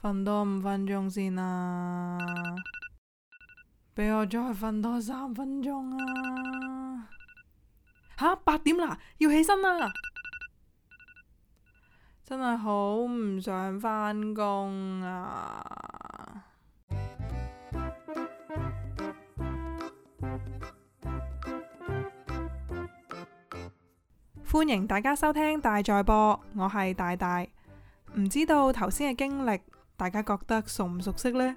瞓多五分鐘先啊！俾我再瞓多三分鐘啊！吓、啊，八點啦，要起身啦！真係好唔想返工啊！歡迎大家收聽大在播，我係大大，唔知道頭先嘅經歷。大家覺得熟唔熟悉呢？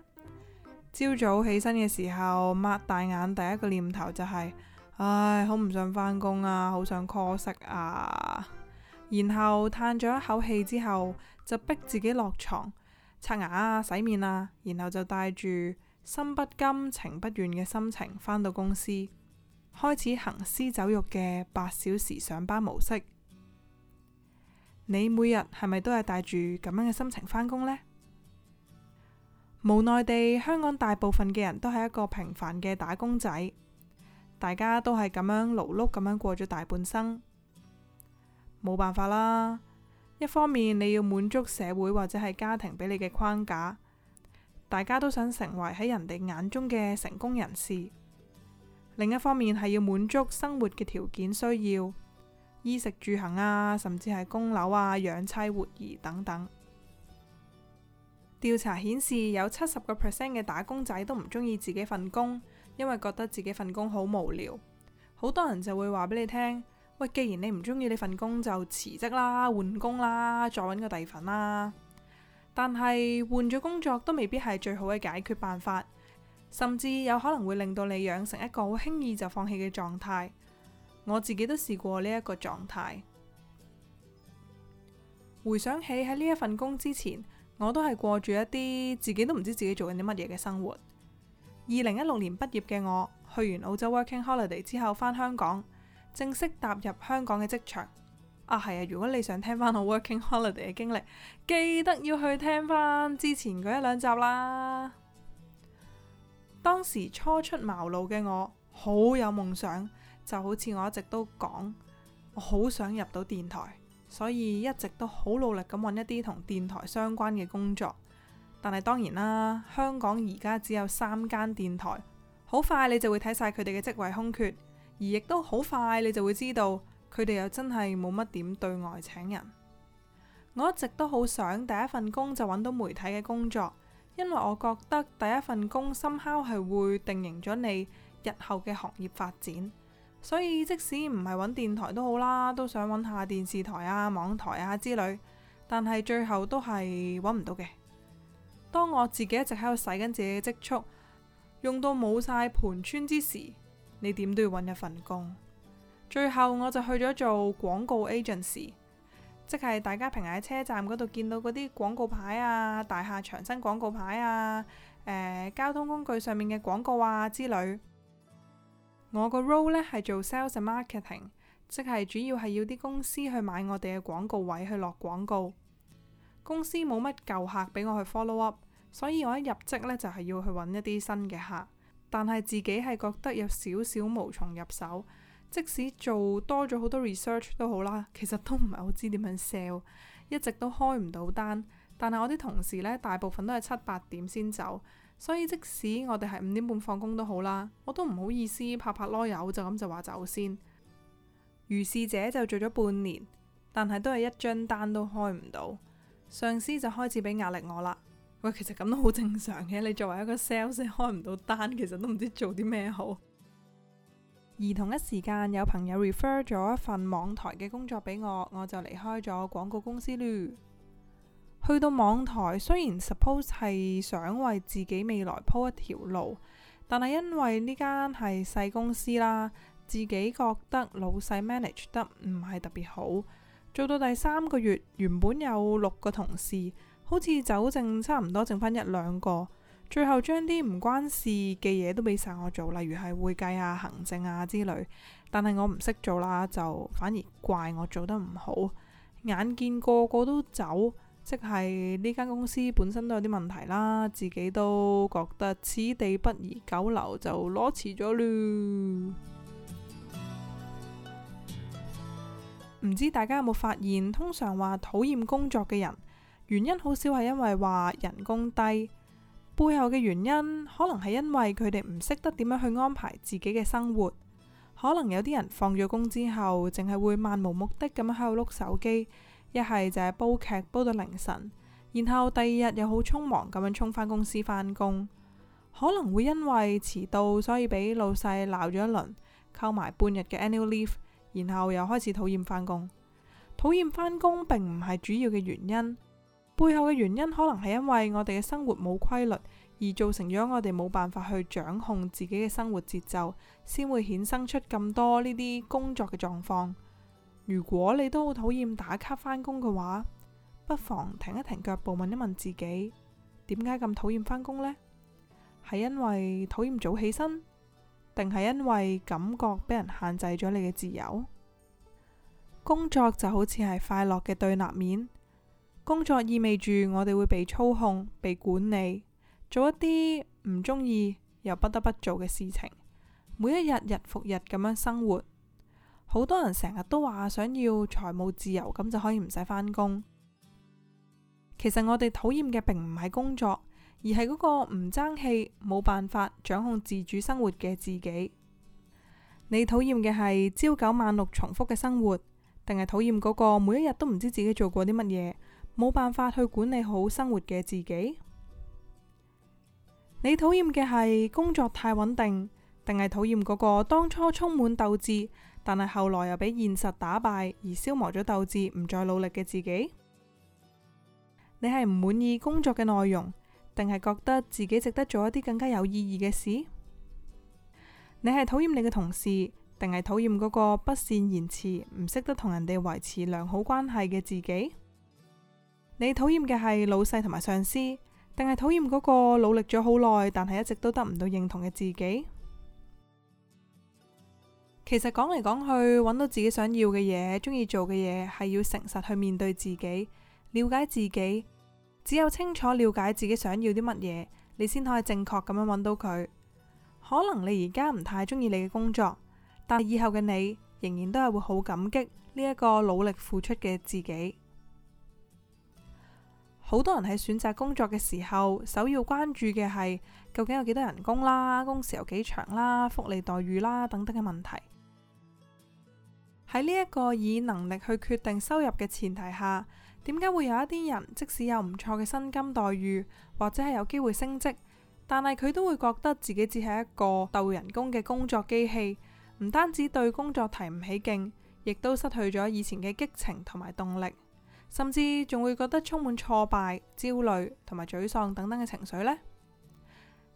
朝早起身嘅時候，擘大眼，第一個念頭就係、是、唉，好唔想返工啊，好想 co 食啊。然後嘆咗一口氣之後，就逼自己落床刷牙啊、洗面啊，然後就帶住心不甘情不願嘅心情返到公司，開始行屍走肉嘅八小時上班模式。你每日係咪都係帶住咁樣嘅心情返工呢？無奈地，香港大部分嘅人都係一個平凡嘅打工仔，大家都係咁樣勞碌咁樣過咗大半生，冇辦法啦。一方面你要滿足社會或者係家庭俾你嘅框架，大家都想成為喺人哋眼中嘅成功人士；另一方面係要滿足生活嘅條件需要，衣食住行啊，甚至係供樓啊、養妻活兒等等。調查顯示有，有七十個 percent 嘅打工仔都唔中意自己份工，因為覺得自己份工好無聊。好多人就會話俾你聽：喂，既然你唔中意你份工，就辭職啦，換工啦，再搵個第份啦。但係換咗工作都未必係最好嘅解決辦法，甚至有可能會令到你養成一個好輕易就放棄嘅狀態。我自己都試過呢一個狀態。回想起喺呢一份工之前。我都係過住一啲自己都唔知自己做緊啲乜嘢嘅生活。二零一六年畢業嘅我，去完澳洲 working holiday 之後，返香港正式踏入香港嘅職場。啊，係啊，如果你想聽翻我 working holiday 嘅經歷，記得要去聽翻之前嗰一兩集啦。當時初出茅廬嘅我，好有夢想，就好似我一直都講，我好想入到電台。所以一直都好努力咁揾一啲同電台相關嘅工作，但係當然啦，香港而家只有三間電台，好快你就會睇晒佢哋嘅職位空缺，而亦都好快你就會知道佢哋又真係冇乜點對外請人。我一直都好想第一份工就揾到媒體嘅工作，因為我覺得第一份工 somehow 係會定型咗你日後嘅行業發展。所以即使唔係揾電台都好啦，都想揾下電視台啊、網台啊之類，但係最後都係揾唔到嘅。當我自己一直喺度使緊自己嘅積蓄，用到冇晒盤川之時，你點都要揾一份工。最後我就去咗做廣告 agency，即係大家平時喺車站嗰度見到嗰啲廣告牌啊、大廈牆身廣告牌啊、呃、交通工具上面嘅廣告啊之類。我個 role 呢係做 sales marketing，即係主要係要啲公司去買我哋嘅廣告位去落廣告。公司冇乜舊客俾我去 follow up，所以我一入職呢就係要去揾一啲新嘅客。但係自己係覺得有少少無從入手，即使做多咗好多 research 都好啦，其實都唔係好知點樣 sell，一直都開唔到單。但係我啲同事呢，大部分都係七八點先走。所以即使我哋係五點半放工都好啦，我都唔好意思拍拍囉柚就咁就話走先。如是者就做咗半年，但係都係一張單都開唔到，上司就開始俾壓力我啦。喂，其實咁都好正常嘅，你作為一個 sales 開唔到單，其實都唔知做啲咩好。而同一時間，有朋友 refer 咗一份網台嘅工作俾我，我就離開咗廣告公司啦。去到網台，雖然 suppose 係想為自己未來鋪一條路，但係因為呢間係細公司啦，自己覺得老細 manage 得唔係特別好。做到第三個月，原本有六個同事，好似走剩差唔多剩返一兩個。最後將啲唔關事嘅嘢都俾晒我做，例如係會計啊、行政啊之類。但係我唔識做啦，就反而怪我做得唔好。眼見個個都走。即係呢間公司本身都有啲問題啦，自己都覺得此地不宜久留就，就攞辭咗啦。唔知大家有冇發現，通常話討厭工作嘅人，原因好少係因為話人工低，背後嘅原因可能係因為佢哋唔識得點樣去安排自己嘅生活，可能有啲人放咗工之後，淨係會漫無目的咁喺度碌手機。一係就係煲劇煲到凌晨，然後第二日又好匆忙咁樣衝返公司返工，可能會因為遲到，所以俾老細鬧咗一輪，扣埋半日嘅 annual leave，然後又開始討厭返工。討厭返工並唔係主要嘅原因，背後嘅原因可能係因為我哋嘅生活冇規律，而造成咗我哋冇辦法去掌控自己嘅生活節奏，先會衍生出咁多呢啲工作嘅狀況。如果你都好討厭打卡返工嘅話，不妨停一停腳步，問一問自己，點解咁討厭返工呢？係因為討厭早起身，定係因為感覺俾人限制咗你嘅自由？工作就好似係快樂嘅對立面，工作意味住我哋會被操控、被管理，做一啲唔中意又不得不做嘅事情，每一日日復日咁樣生活。好多人成日都話想要財務自由，咁就可以唔使返工。其實我哋討厭嘅並唔係工作，而係嗰個唔爭氣、冇辦法掌控自主生活嘅自己。你討厭嘅係朝九晚六重複嘅生活，定係討厭嗰個每一日都唔知自己做過啲乜嘢，冇辦法去管理好生活嘅自己？你討厭嘅係工作太穩定，定係討厭嗰個當初充滿鬥志？但係後來又俾現實打敗而消磨咗鬥志唔再努力嘅自己？你係唔滿意工作嘅內容，定係覺得自己值得做一啲更加有意義嘅事？你係討厭你嘅同事，定係討厭嗰個不善言辭、唔識得同人哋維持良好關係嘅自己？你討厭嘅係老細同埋上司，定係討厭嗰個努力咗好耐但係一直都得唔到認同嘅自己？其實講嚟講去，揾到自己想要嘅嘢，中意做嘅嘢，係要誠實去面對自己，了解自己。只有清楚了解自己想要啲乜嘢，你先可以正確咁樣揾到佢。可能你而家唔太中意你嘅工作，但以後嘅你仍然都係會好感激呢一個努力付出嘅自己。好多人喺選擇工作嘅時候，首要關注嘅係究竟有幾多人工啦，工時有幾長啦，福利待遇啦等等嘅問題。喺呢一個以能力去決定收入嘅前提下，點解會有一啲人即使有唔錯嘅薪金待遇，或者係有機會升職，但係佢都會覺得自己只係一個鬥人工嘅工作機器，唔單止對工作提唔起勁，亦都失去咗以前嘅激情同埋動力，甚至仲會覺得充滿挫敗、焦慮同埋沮喪等等嘅情緒呢？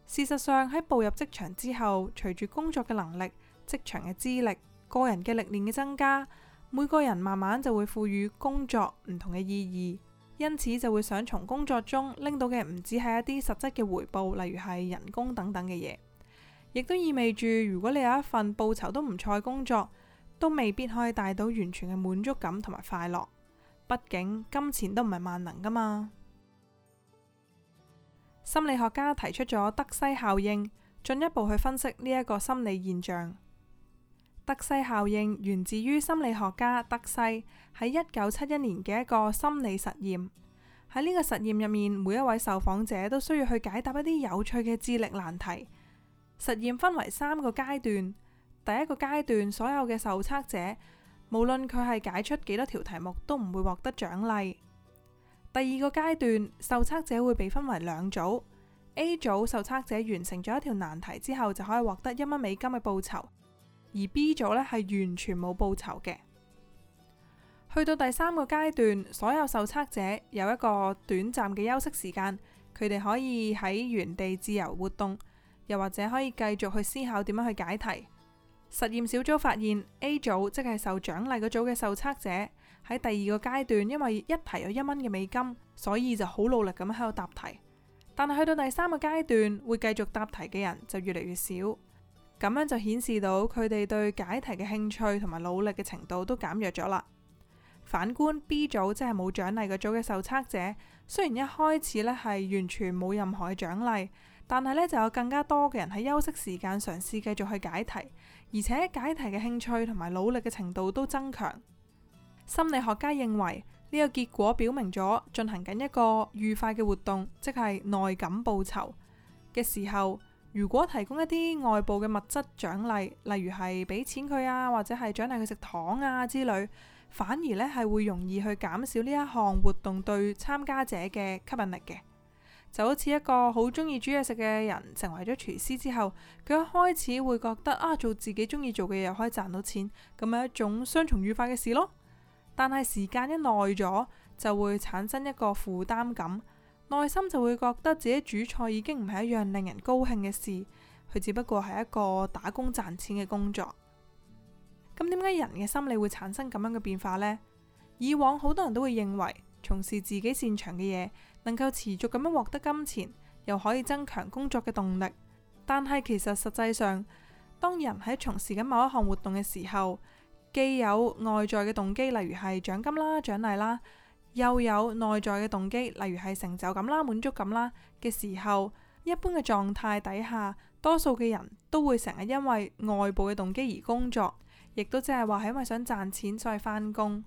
事實上，喺步入職場之後，隨住工作嘅能力、職場嘅資歷，個人嘅歷練嘅增加，每個人慢慢就會賦予工作唔同嘅意義，因此就會想從工作中拎到嘅唔止係一啲實質嘅回報，例如係人工等等嘅嘢，亦都意味住如果你有一份報酬都唔錯嘅工作，都未必可以帶到完全嘅滿足感同埋快樂，畢竟金錢都唔係萬能㗎嘛。心理學家提出咗德西效應，進一步去分析呢一個心理現象。德西效應源自於心理學家德西喺一九七一年嘅一個心理實驗。喺呢個實驗入面，每一位受訪者都需要去解答一啲有趣嘅智力難題。實驗分為三個階段。第一個階段，所有嘅受測者無論佢係解出幾多條題目，都唔會獲得獎勵。第二個階段，受測者會被分為兩組。A 組受測者完成咗一條難題之後，就可以獲得一蚊美金嘅報酬。而 B 組呢，係完全冇報酬嘅。去到第三個階段，所有受測者有一個短暫嘅休息時間，佢哋可以喺原地自由活動，又或者可以繼續去思考點樣去解題。實驗小組發現 A 組，即係受獎勵嗰組嘅受測者喺第二個階段，因為一題有一蚊嘅美金，所以就好努力咁喺度答題。但係去到第三個階段，會繼續答題嘅人就越嚟越少。咁樣就顯示到佢哋對解題嘅興趣同埋努力嘅程度都減弱咗啦。反觀 B 組即係冇獎勵嘅組嘅受測者，雖然一開始呢係完全冇任何嘅獎勵，但係呢就有更加多嘅人喺休息時間嘗試繼續去解題，而且解題嘅興趣同埋努力嘅程度都增強。心理學家認為呢個結果表明咗進行緊一個愉快嘅活動，即係內感報酬嘅時候。如果提供一啲外部嘅物質獎勵，例如係俾錢佢啊，或者係獎勵佢食糖啊之類，反而呢係會容易去減少呢一項活動對參加者嘅吸引力嘅。就好似一個好中意煮嘢食嘅人成為咗廚師之後，佢一開始會覺得啊，做自己中意做嘅嘢又可以賺到錢，咁樣一種雙重愉快嘅事咯。但係時間一耐咗，就會產生一個負擔感。內心就會覺得自己煮菜已經唔係一樣令人高興嘅事，佢只不過係一個打工賺錢嘅工作。咁點解人嘅心理會產生咁樣嘅變化呢？以往好多人都會認為從事自己擅長嘅嘢，能夠持續咁樣獲得金錢，又可以增強工作嘅動力。但係其實實際上，當人喺從事緊某一項活動嘅時候，既有外在嘅動機，例如係獎金啦、獎勵啦。又有內在嘅動機，例如係成就感啦、滿足感啦嘅時候，一般嘅狀態底下，多數嘅人都會成日因為外部嘅動機而工作，亦都即係話係因為想賺錢所以翻工。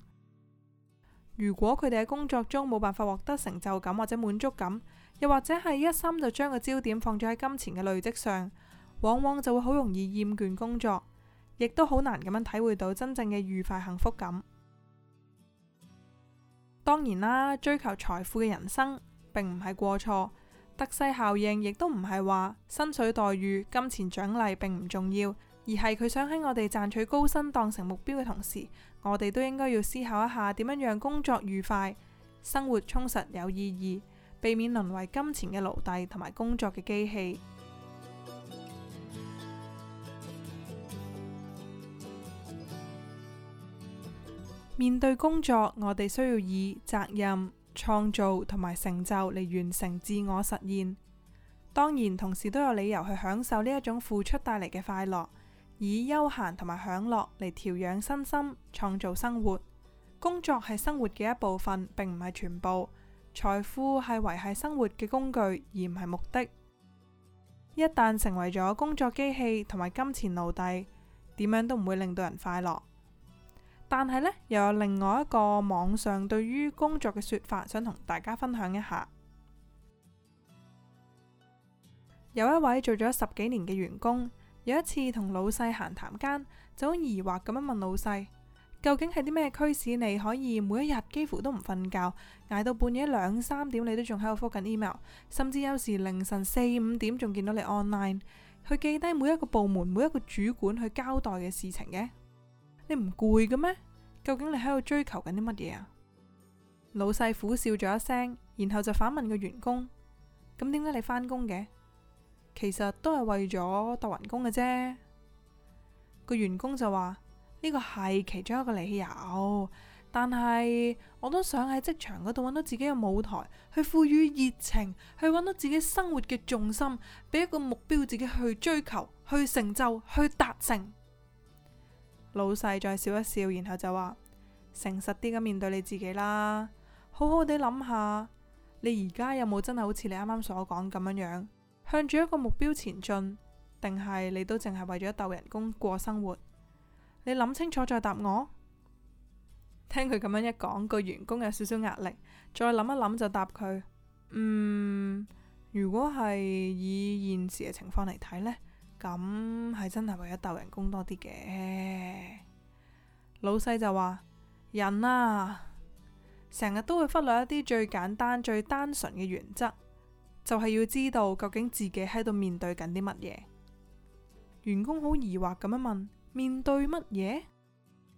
如果佢哋喺工作中冇辦法獲得成就感或者滿足感，又或者係一心就將個焦點放咗喺金錢嘅累積上，往往就會好容易厭倦工作，亦都好難咁樣體會到真正嘅愉快幸福感。當然啦，追求財富嘅人生並唔係過錯，德西效應亦都唔係話薪水待遇、金錢獎勵並唔重要，而係佢想喺我哋賺取高薪當成目標嘅同時，我哋都應該要思考一下點樣讓工作愉快、生活充實有意義，避免淪為金錢嘅奴隸同埋工作嘅機器。面對工作，我哋需要以責任、創造同埋成就嚟完成自我實現。當然，同時都有理由去享受呢一種付出帶嚟嘅快樂，以休閒同埋享樂嚟調養身心、創造生活。工作係生活嘅一部分，並唔係全部。財富係維繫生活嘅工具，而唔係目的。一旦成為咗工作機器同埋金錢奴隸，點樣都唔會令到人快樂。但係呢，又有另外一個網上對於工作嘅説法，想同大家分享一下。 有一位做咗十幾年嘅員工，有一次同老細閒談間，就好疑惑咁樣問老細：究竟係啲咩驅使你可以每一日幾乎都唔瞓覺，捱到半夜兩三點你都仲喺度覆緊 email，甚至有時凌晨四五點仲見到你 online，去記低每一個部門每一個主管去交代嘅事情嘅？你唔攰嘅咩？究竟你喺度追求緊啲乜嘢啊？老細苦笑咗一聲，然後就反問個員工：咁點解你返工嘅？其實都係為咗揼人工嘅啫。個員工就話：呢個係其中一個理由，但係我都想喺職場嗰度揾到自己嘅舞台，去賦予熱情，去揾到自己生活嘅重心，俾一個目標自己去追求、去成就、去達成。老細再笑一笑，然後就話，誠實啲咁面對你自己啦，好好地諗下，你而家有冇真係好似你啱啱所講咁樣樣，向住一個目標前進，定係你都淨係為咗鬥人工過生活？你諗清楚再答我。聽佢咁樣一講，個員工有少少壓力，再諗一諗就答佢。嗯，如果係以現時嘅情況嚟睇呢。」咁係真係為咗鬥人工多啲嘅，老細就話：人啊，成日都會忽略一啲最簡單、最單純嘅原則，就係要知道究竟自己喺度面對緊啲乜嘢。員工好疑惑咁樣問：面對乜嘢？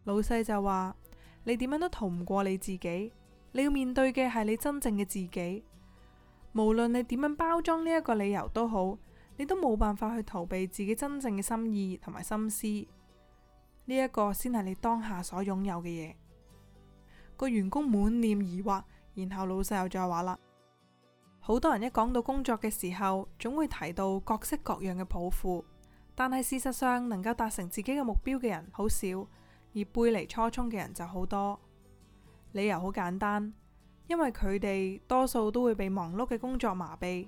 老細就話：你點樣都逃唔過你自己，你要面對嘅係你真正嘅自己，無論你點樣包裝呢一個理由都好。你都冇辦法去逃避自己真正嘅心意同埋心思，呢一個先係你當下所擁有嘅嘢。個員工滿臉疑惑，然後老細又再話啦：「好多人一講到工作嘅時候，總會提到各式各樣嘅抱負，但係事實上能夠達成自己嘅目標嘅人好少，而背離初衷嘅人就好多。理由好簡單，因為佢哋多數都會被忙碌嘅工作麻痹。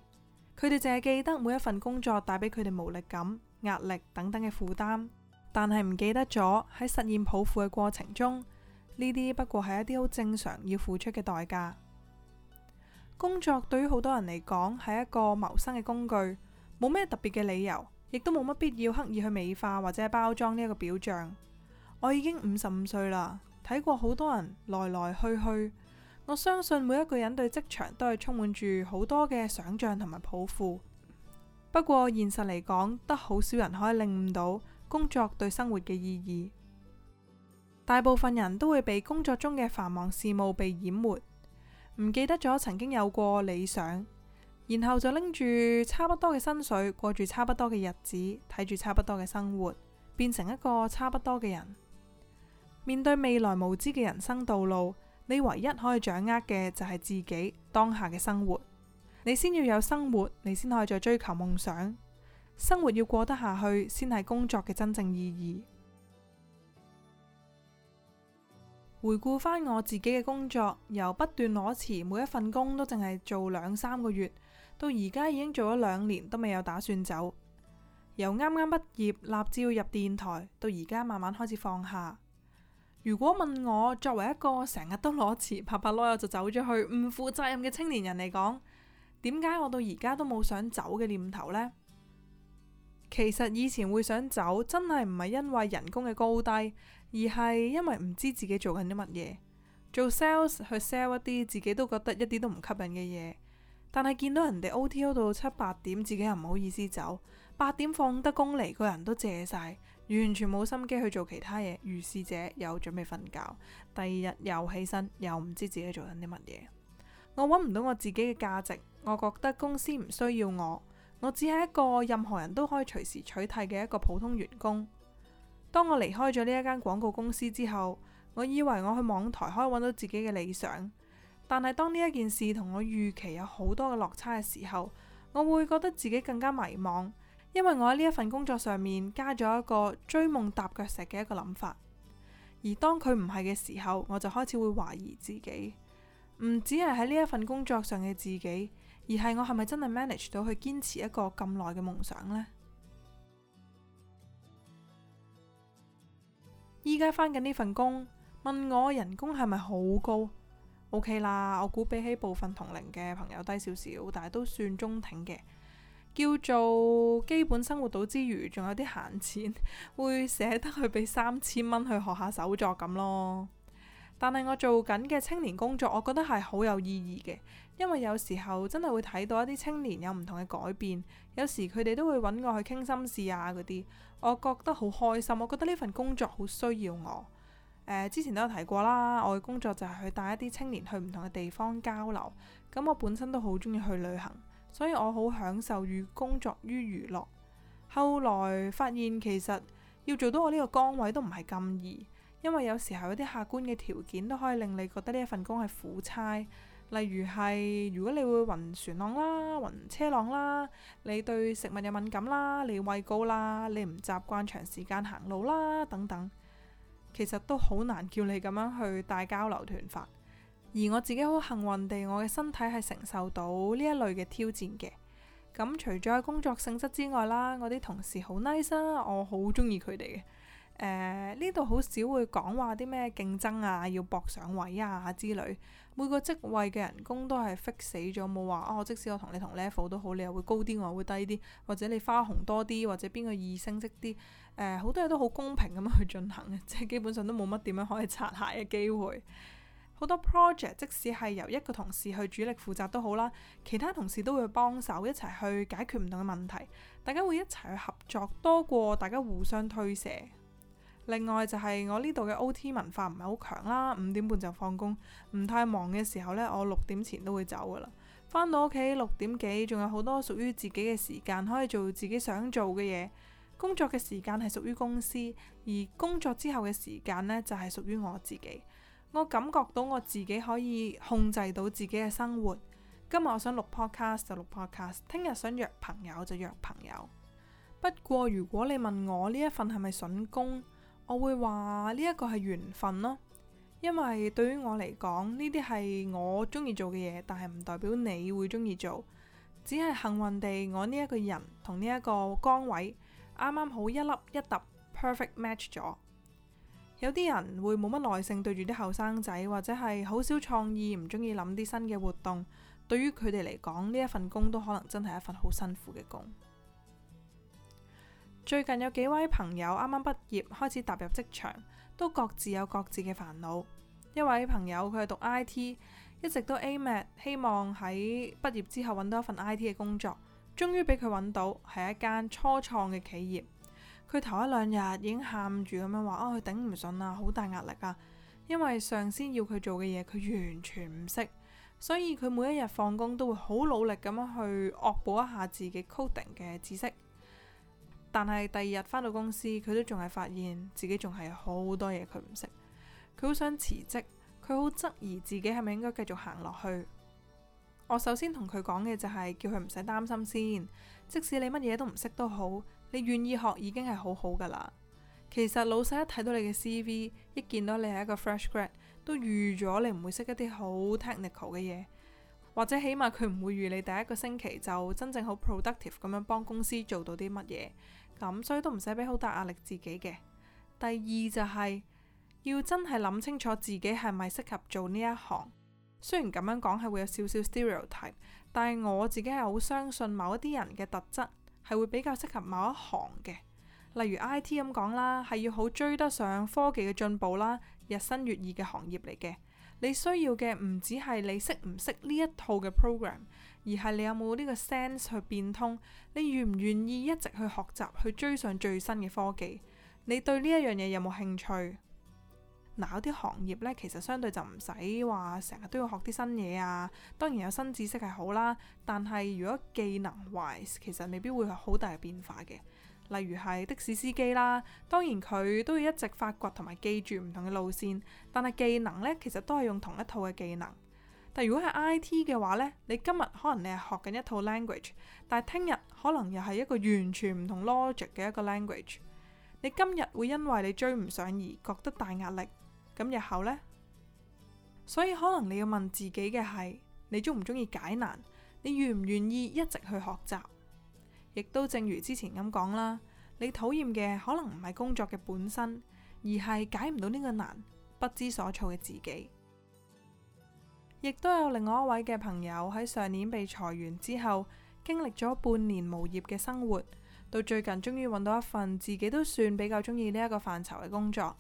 佢哋淨係記得每一份工作帶俾佢哋無力感、壓力等等嘅負擔，但係唔記得咗喺實現抱負嘅過程中，呢啲不過係一啲好正常要付出嘅代價。工作對於好多人嚟講係一個謀生嘅工具，冇咩特別嘅理由，亦都冇乜必要刻意去美化或者係包裝呢一個表象。我已經五十五歲啦，睇過好多人來來去去。我相信每一個人對職場都係充滿住好多嘅想象同埋抱負，不過現實嚟講，得好少人可以領悟到工作對生活嘅意義。大部分人都會被工作中嘅繁忙事務被淹沒，唔記得咗曾經有過理想，然後就拎住差不多嘅薪水，過住差不多嘅日子，睇住差不多嘅生活，變成一個差不多嘅人。面對未來無知嘅人生道路。你唯一可以掌握嘅就係自己當下嘅生活，你先要有生活，你先可以再追求夢想。生活要過得下去，先係工作嘅真正意義。 回顧翻我自己嘅工作，由不斷裸辭，每一份工都淨係做兩三個月，到而家已經做咗兩年，都未有打算走。由啱啱畢業立志要入電台，到而家慢慢開始放下。如果問我作為一個成日都攞錢，拍拍囉柚就走咗去，唔負責任嘅青年人嚟講，點解我到而家都冇想走嘅念頭呢？其實以前會想走，真係唔係因為人工嘅高低，而係因為唔知自己做緊啲乜嘢，做 sales 去 sell 一啲自己都覺得一啲都唔吸引嘅嘢，但係見到人哋 OTO 到七八點，自己又唔好意思走，八點放得工嚟，個人都謝晒。完全冇心機去做其他嘢，如是者又準備瞓覺，第二日又起身，又唔知自己做緊啲乜嘢。我揾唔到我自己嘅價值，我覺得公司唔需要我，我只係一個任何人都可以隨時取代嘅一個普通員工。當我離開咗呢一間廣告公司之後，我以為我去網台可以揾到自己嘅理想，但係當呢一件事同我預期有好多嘅落差嘅時候，我會覺得自己更加迷茫。因為我喺呢一份工作上面加咗一個追夢踏腳石嘅一個諗法，而當佢唔係嘅時候，我就開始會懷疑自己，唔止係喺呢一份工作上嘅自己，而係我係咪真係 manage 到去堅持一個咁耐嘅夢想呢？依家返緊呢份工，問我人工係咪好高？OK 啦，我估比起部分同齡嘅朋友低少少，但係都算中挺嘅。叫做基本生活到之餘，仲有啲閒錢，會捨得去俾三千蚊去學下手作咁咯。但係我做緊嘅青年工作，我覺得係好有意義嘅，因為有時候真係會睇到一啲青年有唔同嘅改變，有時佢哋都會揾我去傾心事啊嗰啲，我覺得好開心。我覺得呢份工作好需要我。呃，之前都有提過啦，我嘅工作就係去帶一啲青年去唔同嘅地方交流。咁我本身都好鍾意去旅行。所以我好享受於工作於娛樂。後來發現其實要做到我呢個崗位都唔係咁易，因為有時候一啲客觀嘅條件都可以令你覺得呢一份工係苦差。例如係如果你會暈船浪啦、暈車浪啦，你對食物有敏感啦、你畏高啦、你唔習慣長時間行路啦等等，其實都好難叫你咁樣去帶交流團法。而我自己好幸運地，我嘅身體係承受到呢一類嘅挑戰嘅。咁除咗工作性質之外啦，我啲同事好 nice 啦，我好中意佢哋嘅。誒，呢度好少會講話啲咩競爭啊，要搏上位啊之類。每個職位嘅人工都係 fix 死咗，冇話哦。即使我同你同 level 都好，你又會高啲，我會低啲，或者你花紅多啲，或者邊個易升職啲。誒、呃，好多嘢都好公平咁去進行嘅，即係基本上都冇乜點樣可以擦鞋嘅機會。好多 project 即使係由一個同事去主力負責都好啦，其他同事都會幫手一齊去解決唔同嘅問題，大家會一齊去合作多過大家互相推卸。另外就係我呢度嘅 OT 文化唔係好強啦，五點半就放工，唔太忙嘅時候咧，我六點前都會走噶啦。翻到屋企六點幾仲有好多屬於自己嘅時間可以做自己想做嘅嘢。工作嘅時間係屬於公司，而工作之後嘅時間咧就係屬於我自己。我感覺到我自己可以控制到自己嘅生活。今日我想錄 podcast 就錄 podcast，聽日想約朋友就約朋友。不過如果你問我呢一份係咪筍工，我會話呢一個係緣分咯。因為對於我嚟講，呢啲係我中意做嘅嘢，但係唔代表你會中意做。只係幸運地，我呢一個人同呢一個崗位啱啱好一粒一揼 perfect match 咗。有啲人會冇乜耐性對住啲後生仔，或者係好少創意，唔中意諗啲新嘅活動。對於佢哋嚟講，呢一份工都可能真係一份好辛苦嘅工。最近有幾位朋友啱啱畢業，開始踏入職場，都各自有各自嘅煩惱。一位朋友佢係讀 IT，一直都 aim at 希望喺畢業之後揾到一份 IT 嘅工作，終於俾佢揾到，係一間初創嘅企業。佢頭一兩日已經喊住咁樣話，啊、哦，佢頂唔順啊，好大壓力啊，因為上司要佢做嘅嘢佢完全唔識，所以佢每一日放工都會好努力咁樣去惡補一下自己 coding 嘅知識。但係第二日返到公司，佢都仲係發現自己仲係好多嘢佢唔識，佢好想辭職，佢好質疑自己係咪應該繼續行落去。我首先同佢講嘅就係叫佢唔使擔心先，即使你乜嘢都唔識都好。你願意學已經係好好㗎喇。其實老細一睇到你嘅 C.V.，一見到你係一個 fresh grad，都預咗你唔會識一啲好 technical 嘅嘢，或者起碼佢唔會預你第一個星期就真正好 productive 咁樣幫公司做到啲乜嘢。咁所以都唔使俾好大壓力自己嘅。第二就係、是、要真係諗清楚自己係咪適合做呢一行。雖然咁樣講係會有少少 stereotype，但係我自己係好相信某一啲人嘅特質。係會比較適合某一行嘅，例如 IT 咁講啦，係要好追得上科技嘅進步啦，日新月異嘅行業嚟嘅。你需要嘅唔止係你識唔識呢一套嘅 program，而係你有冇呢個 sense 去變通，你願唔願意一直去學習去追上最新嘅科技，你對呢一樣嘢有冇興趣？嗱，有啲行業呢，其實相對就唔使話成日都要學啲新嘢啊。當然有新知識係好啦，但係如果技能 wise，其實未必會有好大嘅變化嘅。例如係的士司機啦，當然佢都要一直發掘同埋記住唔同嘅路線，但係技能呢，其實都係用同一套嘅技能。但如果係 IT 嘅話呢，你今日可能你係學緊一套 language，但係聽日可能又係一個完全唔同 logic 嘅一個 language。你今日會因為你追唔上而覺得大壓力。咁日後呢，所以可能你要問自己嘅係，你中唔中意解難？你願唔願意一直去學習？亦都正如之前咁講啦，你討厭嘅可能唔係工作嘅本身，而係解唔到呢個難，不知所措嘅自己。亦都有另外一位嘅朋友喺上年被裁員之後，經歷咗半年無業嘅生活，到最近終於揾到一份自己都算比較中意呢一個範疇嘅工作。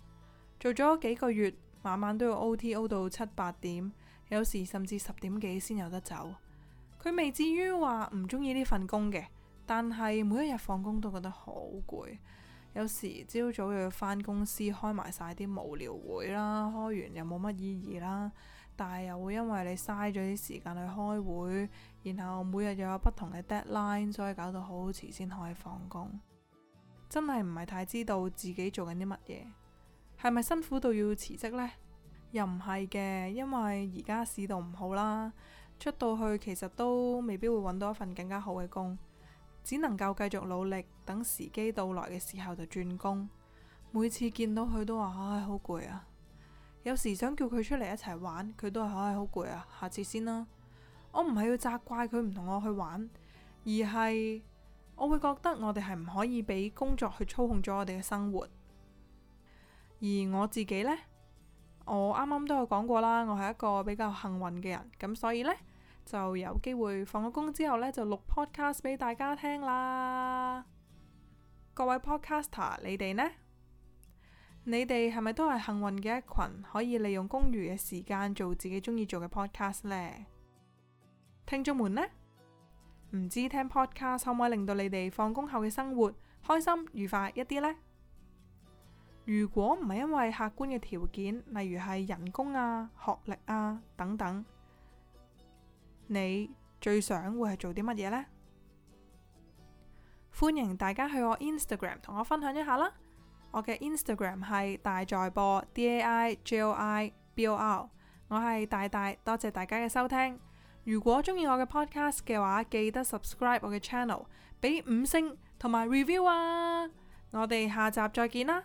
做咗幾個月，晚晚都要 O.T.，O 到七八點，有時甚至十點幾先有得走。佢未至於話唔中意呢份工嘅，但係每一日放工都覺得好攰。有時朝早又要返公司開埋晒啲無聊會啦，開完又冇乜意義啦。但係又會因為你嘥咗啲時間去開會，然後每日又有不同嘅 deadline，所以搞到好遲先可以放工。真係唔係太知道自己做緊啲乜嘢。係咪辛苦到要辭職呢？又唔係嘅，因為而家市道唔好啦，出到去其實都未必會搵到一份更加好嘅工，只能夠繼續努力，等時機到來嘅時候就轉工。每次見到佢都話唉好攰啊，有時想叫佢出嚟一齊玩，佢都係唉好攰啊，下次先啦。我唔係要責怪佢唔同我去玩，而係我會覺得我哋係唔可以俾工作去操控咗我哋嘅生活。而我自己呢，我啱啱都有講過啦，我係一個比較幸運嘅人，咁所以呢，就有機會放咗工之後呢，就錄 podcast 俾大家聽啦。各位 podcaster，你哋呢？你哋係咪都係幸運嘅一群，可以利用工餘嘅時間做自己中意做嘅 podcast 呢？聽眾們呢？唔知聽 podcast 可唔可以令到你哋放工後嘅生活開心愉快一啲呢？如果唔係因為客觀嘅條件，例如係人工啊、學歷啊等等，你最想會係做啲乜嘢呢？歡迎大家去我 Instagram 同我分享一下啦。我嘅 Instagram 係大在播 d a i j o i b o r，我係大大多謝大家嘅收聽。如果中意我嘅 podcast 嘅話，記得 subscribe 我嘅 channel，俾五星同埋 review 啊！我哋下集再見啦。